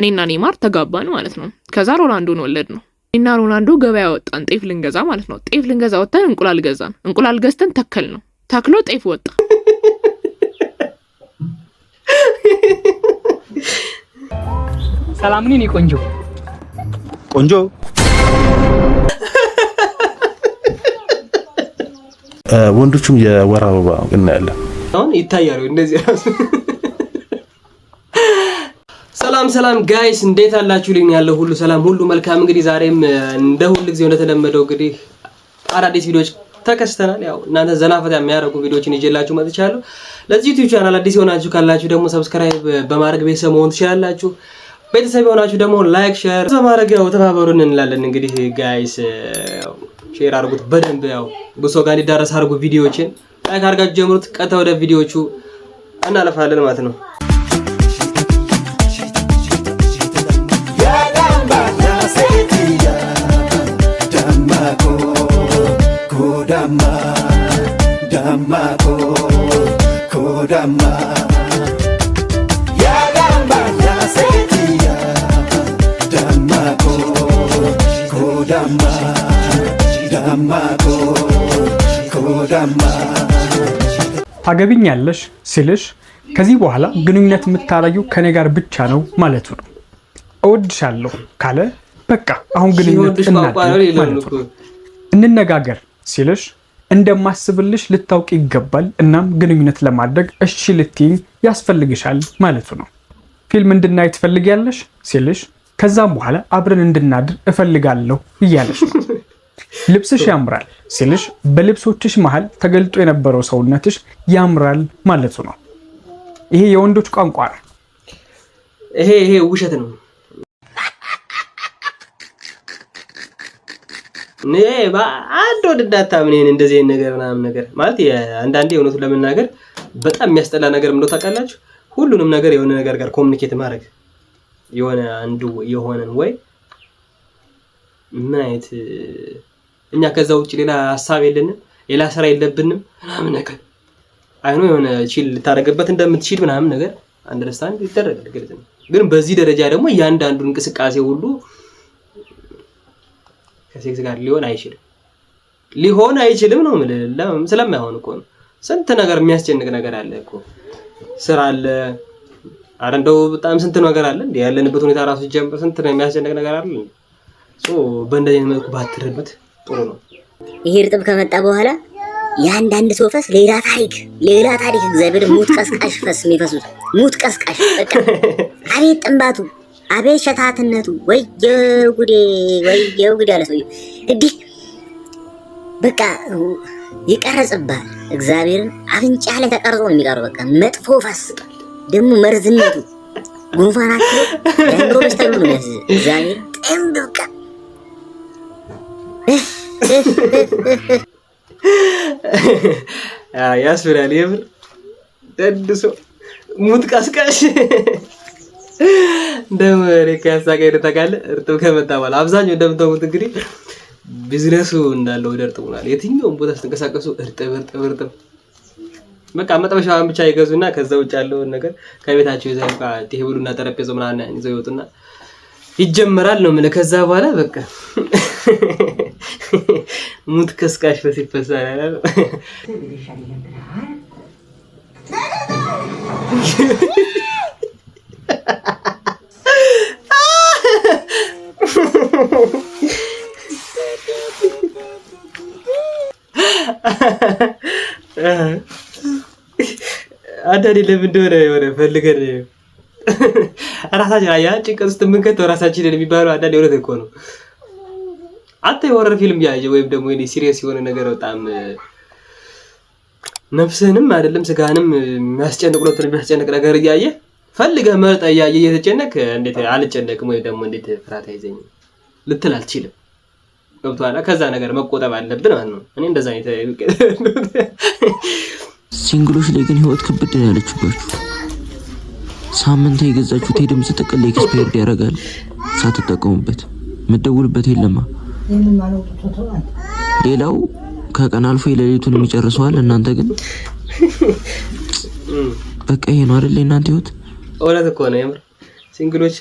እኔና ኔማር ተጋባን ማለት ነው። ከዛ ሮናልዶን ወለድ ነው። እኔና ሮናልዶ ገበያ ወጣን ጤፍ ልንገዛ ማለት ነው። ጤፍ ልንገዛ ወጥተን እንቁላል ገዛን። እንቁላል ገዝተን ተከል ነው ተክሎ ጤፍ ወጣ። ሰላም ነኝ ቆንጆ ቆንጆ ወንዶቹም የወር አበባ እናያለን። አሁን ይታያሉ እንደዚህ ሰላም ሰላም ጋይስ እንዴት አላችሁ? ልኝ ያለው ሁሉ ሰላም ሁሉ መልካም። እንግዲህ ዛሬም እንደ ሁሉ ጊዜ እንደተለመደው እንግዲህ አዳዲስ ቪዲዮዎች ተከስተናል። ያው እናንተ ዘናፈታ የሚያደርጉ ቪዲዮዎችን ይዤላችሁ መጥቻለሁ። ለዚህ ዩቲዩብ ቻናል አዲስ የሆናችሁ ካላችሁ ደግሞ ሰብስክራይብ በማድረግ ቤተሰብ መሆን ትችላላችሁ። ቤተሰብ የሆናችሁ ደግሞ ላይክ፣ ሼር በማድረግ ያው ተባበሩን እንላለን። እንግዲህ ጋይስ ሼር አድርጉት በደንብ ያው ብሶ ጋር እንዲዳረስ አድርጉ ቪዲዮዎችን ላይክ አድርጋችሁ ጀምሩት። ቀጥታ ወደ ቪዲዮዎቹ እናለፋለን ማለት ነው። damma damma ko ko damma ya damma ya sekiya damma ko ko ታገቢኛለሽ ስልሽ ከዚህ በኋላ ግንኙነት የምታላየው ከኔ ጋር ብቻ ነው ማለቱ ነው። እወድሻለሁ ካለ በቃ አሁን ግንኙነት እናድርግ ማለቱ ነው። እንነጋገር ሲልሽ እንደማስብልሽ ልታውቅ ይገባል። እናም ግንኙነት ለማድረግ እሺ ልትይኝ ያስፈልግሻል ማለቱ ነው። ፊልም እንድናይ ትፈልጊያለሽ ሲልሽ ከዛም በኋላ አብረን እንድናድር እፈልጋለሁ እያለሽ ነው። ልብስሽ ያምራል ሲልሽ በልብሶችሽ መሃል ተገልጦ የነበረው ሰውነትሽ ያምራል ማለቱ ነው። ይሄ የወንዶች ቋንቋ ነው። ይሄ ይሄ ውሸት ነው። አንድ ወደ እንዳታምን ይሄን እንደዚህ አይነት ነገር ምናምን ነገር ማለት አንዳንዴ እውነቱ ለመናገር በጣም የሚያስጠላ ነገር ምንድነው ታውቃላችሁ? ሁሉንም ነገር የሆነ ነገር ጋር ኮሚኒኬት ማድረግ የሆነ አንዱ የሆነን ወይ ምን አይነት እኛ ከዛ ውጭ ሌላ ሀሳብ የለንም፣ ሌላ ስራ የለብንም ምናምን ነገር አይኖ የሆነ ቺል ልታደርግበት እንደምትችል ምናምን ነገር አንደርስታንድ ይደረጋል። ግልጽ ነው። ግን በዚህ ደረጃ ደግሞ እያንዳንዱ እንቅስቃሴ ሁሉ ከሴክስ ጋር ሊሆን አይችልም። ሊሆን አይችልም ነው ምልለም ስለማይሆን እኮ ነው። ስንት ነገር የሚያስጨንቅ ነገር አለ እኮ ስራ አለ። አረ እንደው በጣም ስንት ነገር አለ እንዴ ያለንበት ሁኔታ ራሱ ጀምር ስንት ነው የሚያስጨንቅ ነገር አለ። ሶ በእንደዚህ መልኩ ባትርበት ጥሩ ነው። ይሄ እርጥብ ከመጣ በኋላ የአንዳንድ ሰው ፈስ ሌላ ታሪክ ሌላ ታሪክ እግዚአብሔር ሙት ቀስቃሽ ፈስ የሚፈሱት ሙት ቀስቃሽ በቃ አቤት ጥንባቱ አቤት ሸታትነቱ ወየው ጉዴ ወየው ጉዴ አለ ሰውዬው። እንዲህ በቃ ይቀረጽባል። እግዚአብሔርን አፍንጫ ላይ ተቀርጾ ነው የሚቀረው። በቃ መጥፎ ፋስቅ ደግሞ መርዝነቱ ጉንፋናቸው ለአእምሮ በሽታ ነው ያዝ እግዚአብሔር ጤም በቃ ያስብላል የምር ደድሶ ሙት ቀስቃሽ ደግሞ እኔ ከያሳ ጋር ታውቃለህ፣ እርጥብ ከመጣ በኋላ አብዛኛው እንደምታውቁት እንግዲህ ቢዝነሱ እንዳለው ወደ እርጥብ ሆኗል። የትኛውም ቦታ ስትንቀሳቀሱ እርጥብ እርጥብ እርጥብ በቃ መጥበሻዋን ብቻ ይገዙና ከዛ ውጭ ያለውን ነገር ከቤታቸው ይዘው በቃ ቴብሉና ጠረጴዛው ምናምን ይዘው ይወጡና ይጀምራል ነው የምልህ። ከዛ በኋላ በቃ ሙት ከስቃሽ በሲት ፈሳል ያለ ነው አንዳንዴ ለምን እንደሆነ የሆነ ፈልገን ራሳችን አየህ ጭንቀት ውስጥ የምንከተው ራሳችንን የሚባለው አንዳንዴ እውነት እኮ ነው። አንተ የሆረር ፊልም ያየ ወይም ደግሞ ሲሪየስ የሆነ ነገር በጣም ነፍስህንም አይደለም ስጋህንም የሚያስጨንቅ ነው የሚያስጨንቅ ነገር እያየ ፈልገህ መርጠህ እያየህ እየተጨነቅ እንዴት አልጨነቅም ወይም ደግሞ እንዴት ፍርሃት አይዘኝም ልትል አልችልም። ገብቶሃል? ከዛ ነገር መቆጠብ አለብን ማለት ነው። እኔ እንደዛ ሲንግሎች ላይ ግን ህይወት ክብድ ነው ያለችባችሁ። ሳምንት የገዛችሁት የድምፅ ጥቅል ኤክስፓየርድ ያደርጋል ሳትጠቀሙበት ምደውልበት የለማ። ሌላው ከቀን አልፎ የሌሊቱን የሚጨርሰዋል። እናንተ ግን በቃ ይሄ ነው አይደል እናንተ ህይወት እውነት እኮ ነው የምር። ሲንግሎች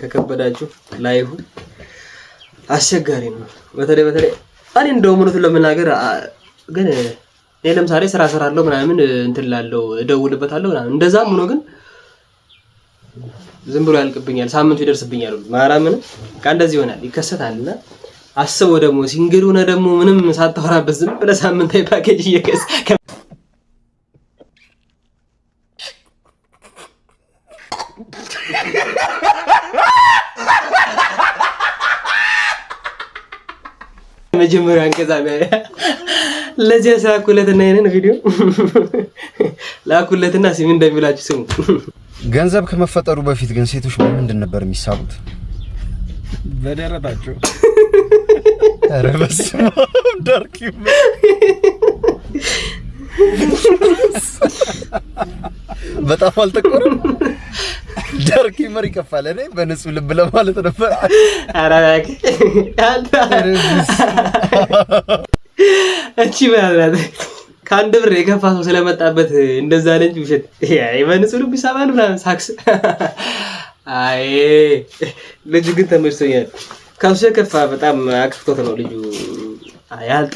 ከከበዳችሁ ላይሁ አስቸጋሪ ነው። በተለይ በተለይ እኔ እንደውም እውነቱን ለመናገር ግን እኔ ለምሳሌ ስራ እሰራለሁ ምናምን እንትን ላለው እደውልበታለሁ ምናምን፣ እንደዛም ሆኖ ግን ዝም ብሎ ያልቅብኛል፣ ሳምንቱ ይደርስብኛል። ማርያምን ቃ እንደዚህ ይሆናል ይከሰታል። እና አስበው ደግሞ ሲንግል ሆነ ደግሞ ምንም ሳታወራበት ዝም ብለህ ሳምንታዊ ፓኬጅ እየገዛህ የመጀመሪያ አንቀጽ ለዚህ ላኩለትና ይሄንን ቪዲዮ ላኩለትና ሲም እንደሚላችሁ ስሙ። ገንዘብ ከመፈጠሩ በፊት ግን ሴቶች በምንድን ነበር የሚሳቡት? በደረታቸው። ረበስ በስመ ዳርኪ በጣም አልጠቆረም። ዳርክ ሂመር ይከፋል። እኔ በንጹህ ልብ ለማለት ነበር። እቺ ምናልባት ከአንድ ብር የከፋ ሰው ስለመጣበት እንደዛ ለ እንጂ ውሸት በንጹህ ልብ ይሳባል ምናምን ሳክስ። አይ ልጁ ግን ተመችቶኛል። ከሱ የከፋ በጣም አክፍቶት ነው ልጁ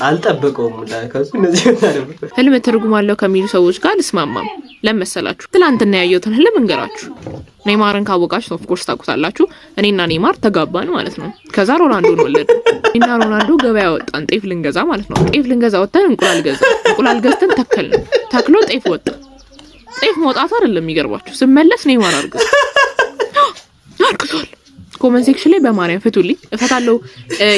አልጠበቀውም። ህልም ትርጉም አለው ከሚሉ ሰዎች ጋር አልስማማም። ለመሰላችሁ ትላንትና ያየሁትን ህልም እንገራችሁ። ኔማርን ካወቃችሁ ኦፍኮርስ ታውቁታላችሁ። እኔና ኔማር ተጋባን ማለት ነው። ከዛ ሮናልዶን ወለድ እና ሮናልዶ ገበያ ወጣን፣ ጤፍ ልንገዛ ማለት ነው። ጤፍ ልንገዛ ወጥተን እንቁላል ገዛ፣ እንቁላል ገዝተን ተከል ነው ተክሎ ጤፍ ወጣ። ጤፍ መውጣቱ አይደለም የሚገርባችሁ፣ ስመለስ ኔማር አርግ አርግቷል ኮመን ሴክሽን ላይ በማርያም ፍቱልኝ፣ እፈታለሁ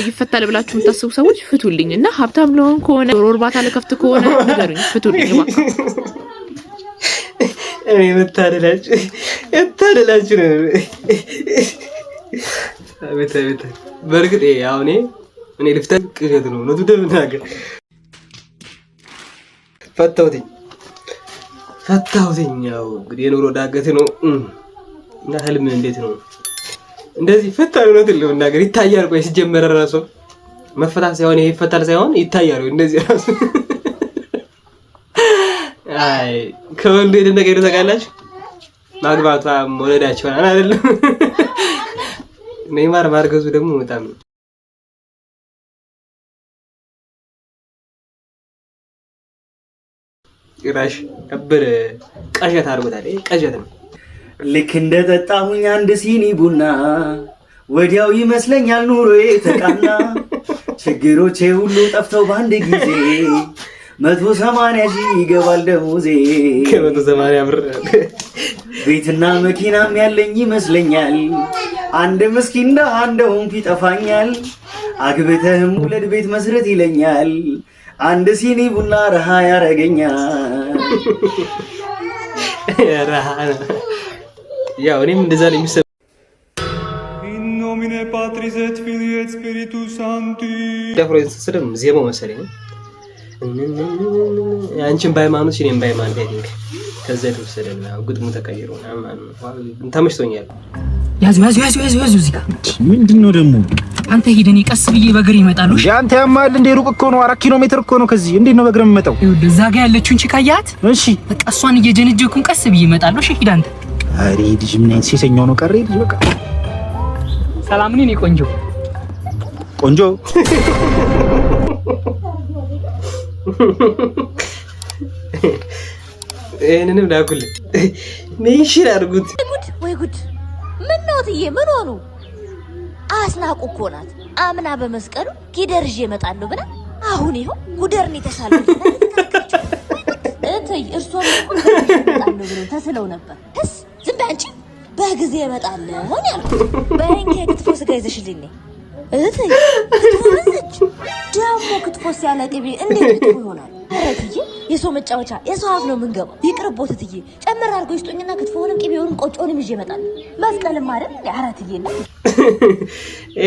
ይፈታል ብላችሁ የምታስቡ ሰዎች ፍቱልኝ እና ሀብታም ለሆን ከሆነ ዶሮ እርባታ ለከፍት ከሆነ ንገሩኝ፣ ፍቱልኝ። እኔ የምታደላችሁ የምታደላችሁ ነው። አቤት አቤት! በእርግጥ አሁን እኔ ልፍታ ቅዠት ነው ነቱ ደምናገር ፈታውትኝ ፈታሁትኝ። ያው እንግዲህ የኑሮ ዳገት ነው እና ህልም እንዴት ነው እንደዚህ ፈታል። እውነትን ለመናገር ይታያል። ቆይ ሲጀመረ ራሱ መፈታት ሳይሆን ይሄ ይፈታል ሳይሆን ይታያል። እንደዚህ ራሱ አይ ከወንዱ የደነቀ ሄዶ ታውቃላችሁ። ማግባቷ መውለዳቸው አይደለም ኔይማር ማርገዙ ደግሞ በጣም ጭራሽ ቀብር ቀዠት አድርጎታል። ቀዠት ነው። ልክ እንደ ጠጣሁኝ አንድ ሲኒ ቡና ወዲያው ይመስለኛል ኑሮ የተቃና ችግሮቼ ሁሉ ጠፍተው በአንድ ጊዜ መቶ ሰማንያ ሺህ ይገባል ደሞዜ ከመቶ ሰማንያ ብር ቤትና መኪናም ያለኝ ይመስለኛል። አንድ ምስኪን ደሃ እንደሆንኩ ይጠፋኛል። አግብተህም ውለድ ቤት መስረት ይለኛል። አንድ ሲኒ ቡና ረሃ ያረገኛል። ያው እኔም እንደዛ ነው የሚሰ ኢን ኖሚኔ ፓትሪስ ኤት ፊልይ ኤት ስፒሪቱስ ሳንቲ ዲያፍሮንስ ስለም ዜማው መሰለኝ አንቺን በሃይማኖት እኔም በሃይማኖት አይ ከዛ የተወሰደ ነው። ግጥሙ ተቀይሮ ምናምን ተመችቶኛል። ያዙ ያዙ ያዙ ያዙ ያዙ። እዚህ ጋር ምንድን ነው ደግሞ አንተ ሂደን ቀስ ብዬ በእግር ይመጣሉ። አንተ ያማል እንደ ሩቅ እኮ ነው። አራት ኪሎ ሜትር እኮ ነው ከዚህ። እንዴት ነው በእግር የምመጣው? እዛ ጋር ያለችውን ቺካያት እሺ በቃ እሷን እየጀነጀኩን ቀስ ብዬ ይመጣሉ። እሺ ሂድ አንተ አሬ ልጅ ምን አይነት ሴሰኛው ነው? ቀረ ልጅ በቃ ሰላም ነኝ። ቆንጆ ቆንጆ ይሄንንም ላኩልኝ። ሜንሽን አድርጉት። ጉድ ወይ ጉድ! ምን ነው ትዬ ምን ሆኑ? አስናቁ እኮ ናት። አምና በመስቀሉ ጊደር ይዤ እመጣለሁ ብላ አሁን ይኸው ጉደርን የተሳለ እትይ እርሷ ተስለው ነበር ደስ አንቺ በጊዜ እመጣለሁ ሆን ያልኩት። በይኝ ከክትፎ ስጋ ይዘሽልኝ ነይ እህትዬ። ክትፎ ደግሞ ክትፎስ ያለ ቅቤ እንዴት ክትፎ ይሆናል? ኧረ እትዬ የሰው መጫወቻ የሰው አፍ ነው የምንገባው። ይቅርቦት እትዬ፣ ጨምር አድርገው ይስጡኝና ክትፎውንም ቅቤውንም ቆጮንም ይዤ እመጣለሁ። መስቀልም አይደል እንደ ኧረ እትዬ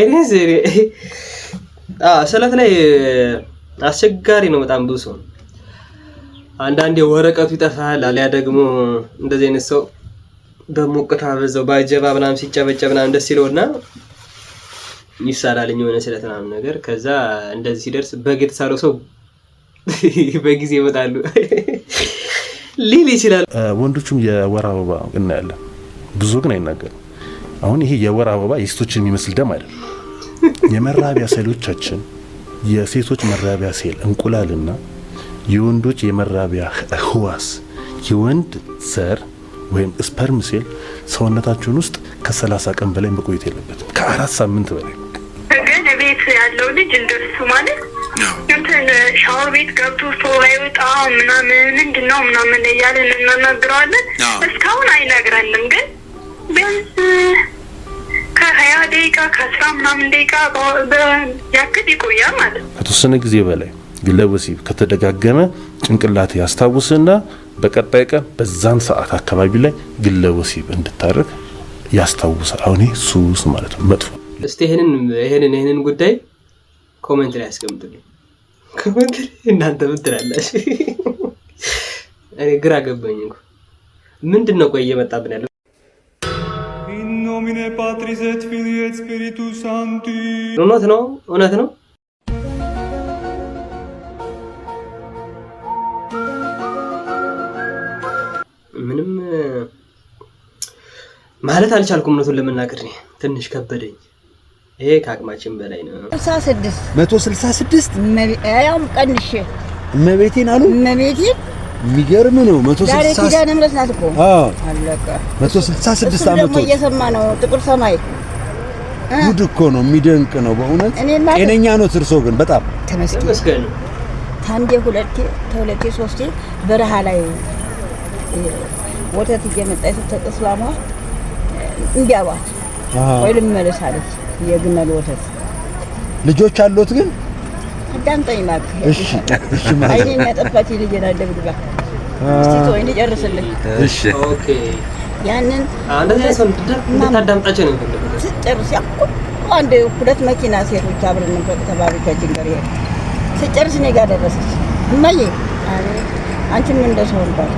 እኔ ዘሬ ስዕለት ላይ አስቸጋሪ ነው በጣም ብዙ ሰው አንዳንዴ ወረቀቱ ይጠፋል። አሊያ ደግሞ እንደዚህ አይነት ሰው በሞቅታ በዛው በአጀባ ምናምን ሲጨበጨብ ምናምን ደስ ይለውና ይሳላልኝ የሆነ ስለት ምናምን ነገር። ከዛ እንደዚህ ሲደርስ በግ የተሳለው ሰው በጊዜ ይመጣሉ ሊል ይችላል። ወንዶቹም የወር አበባ እናያለን፣ ብዙ ግን አይናገርም። አሁን ይሄ የወር አበባ የሴቶችን የሚመስል ደም አይደለም። የመራቢያ ሴሎቻችን የሴቶች መራቢያ ሴል እንቁላልና የወንዶች የመራቢያ ህዋስ የወንድ ዘር ወይም ስፐርም ሴል ሰውነታችሁን ውስጥ ከሰላሳ ቀን በላይ መቆየት የለበትም። ከአራት ሳምንት በላይ ግን ቤት ያለው ልጅ እንደሱ ማለት እንትን ሻወር ቤት ገብቶ ሰው አይወጣ ምናምን ምንድን ነው ምናምን እያለን እናናግረዋለን። እስካሁን አይነግረንም ግን ቢያንስ ከሀያ ደቂቃ ከአስራ ምናምን ደቂቃ ያክል ይቆያል ማለት ከተወሰነ ጊዜ በላይ ግለወሲብ ከተደጋገመ ጭንቅላት ያስታውስና በቀጣይ ቀን በዛን ሰዓት አካባቢ ላይ ግለ ወሲብ እንድታደርግ ያስታውሳል። አሁን ሱስ ማለት ነው መጥፎ። እስቲ ይህንን ይህንን ጉዳይ ኮመንት ላይ ያስቀምጡልኝ። ኮመንት ላይ እናንተ ምትላላችሁ? እኔ ግራ ገባኝ እኮ ምንድን ነው ቆይ እየመጣብን ያለው ኢን ኖሚኔ ፓትሪስ ኤት ፊልይ ኤት ስፒሪቱስ ሳንክቲ እውነት ነው እውነት ነው ማለት አልቻልኩም። እውነቱን ለመናገር ትንሽ ከበደኝ። ይሄ ከአቅማችን በላይ ነው። 66 166 ስድስት ያውም ቀንሽ እመቤቴን አሉ እመቤቴን የሚገርም ነው። መቶ ስልሳ እየሰማ ነው። ጥቁር ሰማይ ጉድ እኮ ነው። የሚደንቅ ነው በእውነት ጤነኛ ነው እርሶ ግን በጣም ተመስገን። ታንዴ ሁለቴ ተሁለቴ ሶስቴ በረሃ ላይ ወተት እየመጣ ተቅስላሟ እምቢ ወይ ልመለስ አለች። የግመል ወተት ልጆች አሉት ግን አዳምጠኝ እባክህ። እሺ እሺ። አይኔ ልጅ እስቲ ልጨርስልህ። እሺ ኦኬ። ያንን ነው ስጨርስ፣ አንድ ሁለት መኪና ሴቶች አብረን ነበር ስጨርስ እኔ ጋር ደረሰች። እማዬ ሰው ልባት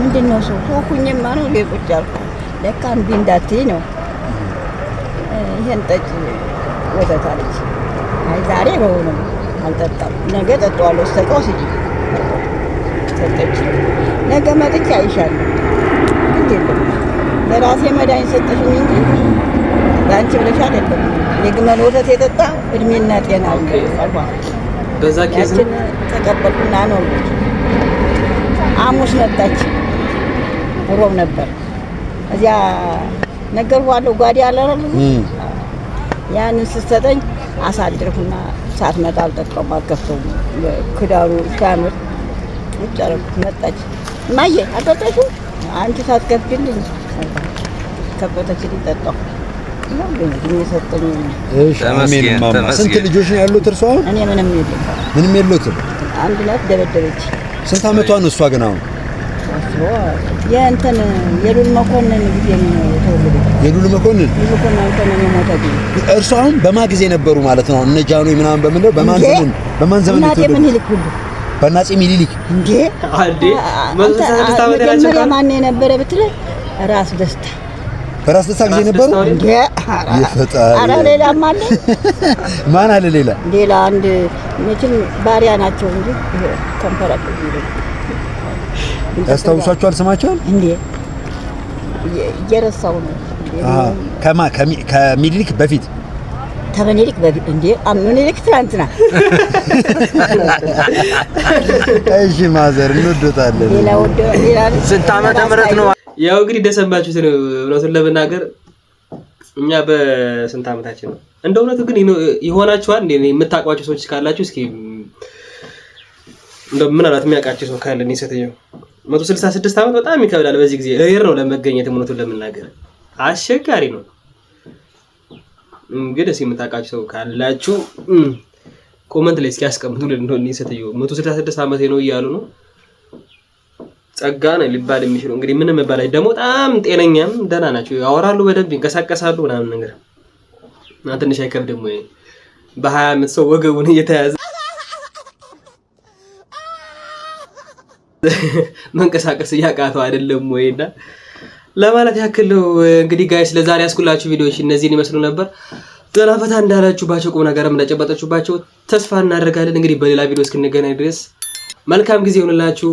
ምንድን ነው ሰው ሆኩኝማ ነው አልኩ ለካ እምቢ እንዳትዪ ነው። ይሄን ጠጪ ወተት አለች። አይ ዛሬ በሆነም አልጠጣም፣ ነገ ጠጣዋለሁ ስጂ ሰጠች። ነገ መጥቼ አይሻለሁ። ለራሴ መድኃኒት ሰጠሽኝ እንጂ ለአንቺ ብለሽ አይደለም። የግመል ወተት የጠጣ እድሜና ጤና በዛ ኬዝ ተቀበልኩና ነው መጣች፣ ሮብ ነበር እዚያ ነገርኳለሁ ጓዴ አለረሉ ያንን ስትሰጠኝ አሳድርኩና ሳትመጣ አልጠቀሙ አልከፍተውም። ክዳሩ ሲያምር ውጭ መጣች እማዬ አልጠጣሽም አንቺ ሳትከፍችልኝ ከፈተችልኝ ጠጣሁ። ስንት ልጆች ነው ያሉት እርሷ? እኔ ምንም የለም ምንም የሉትም። አንድ ናት። ደበደበች። ስንት አመቷ ነው እሷ ግን አሁን? የእንትን የሉል መኮንን ጊዜ ነው የሉል መኮንን እርሱ አሁን በማ ጊዜ ነበሩ ማለት ነው? እነ ጃኖ ምናምን በምን ነው በማን ዘመን በማን ዘመን ነው የተወለደው? በአፄ ምኒልክ እንዴ? መጀመሪያ ማን የነበረ ብትለኝ ራስ ደስታ በራስ ደስታ ጊዜ ነበሩ እንዴ? ኧረ ሌላ ማለ ማን አለ ሌላ? ሌላ አንድ መቼም ባሪያ ናቸው እንጂ ተንፈራቀቁ ያስታውሳችኋል? ስማቸውን እንዴ እየረሳው ነው። ከማ ከሚድሊክ በፊት ከሚኒሊክ በፊት እንዴ ሚኒሊክ ትናንትና። እሺ ማዘር እንወዶታለን። ስንት ዓመተ ምህረት ነው? ያው እንግዲህ ደሰባችሁት ነው። እውነቱን ለመናገር እኛ በስንት ዓመታችን ነው? እንደ እውነቱ ግን ይሆናችኋል እንዴ? የምታውቋቸው ሰዎች ካላችሁ እስኪ እንደው ምን አላት የሚያውቃቸው ሰው ካለ እኔ መቶ ስልሳ ስድስት ዓመት በጣም ይከብዳል። በዚህ ጊዜ እህር ነው ለመገኘት እምነቱን ለመናገር አስቸጋሪ ነው። እንግዲህ እስኪ የምታውቃችሁ ሰው ካላችሁ ኮመንት ላይ እስኪያስቀምጡ ያስቀምጡ። ለእንደሆነ ሴትዮ መቶ ስልሳ ስድስት ዓመት ነው እያሉ ነው። ጸጋ ነው ሊባል የሚችለው እንግዲህ ምንም መባል ደግሞ በጣም ጤነኛም ደህና ናቸው። ያወራሉ፣ በደንብ ይንቀሳቀሳሉ ምናምን ነገር እና ትንሽ አይከብድም ወይ በሀያ ዓመት ሰው ወገቡን እየተያዘ መንቀሳቀስ እያቃተው አይደለም ወይና ለማለት ያክል ነው። እንግዲህ ጋይስ ለዛሬ ያስኩላችሁ ቪዲዮዎች እነዚህን ይመስሉ ነበር። ጥላ እንዳላችሁባቸው ቁም ነገርም እንዳጨበጠችሁባቸው ተስፋ እናደርጋለን። እንግዲህ በሌላ ቪዲዮ እስክንገናኝ ድረስ መልካም ጊዜ ይሆንላችሁ።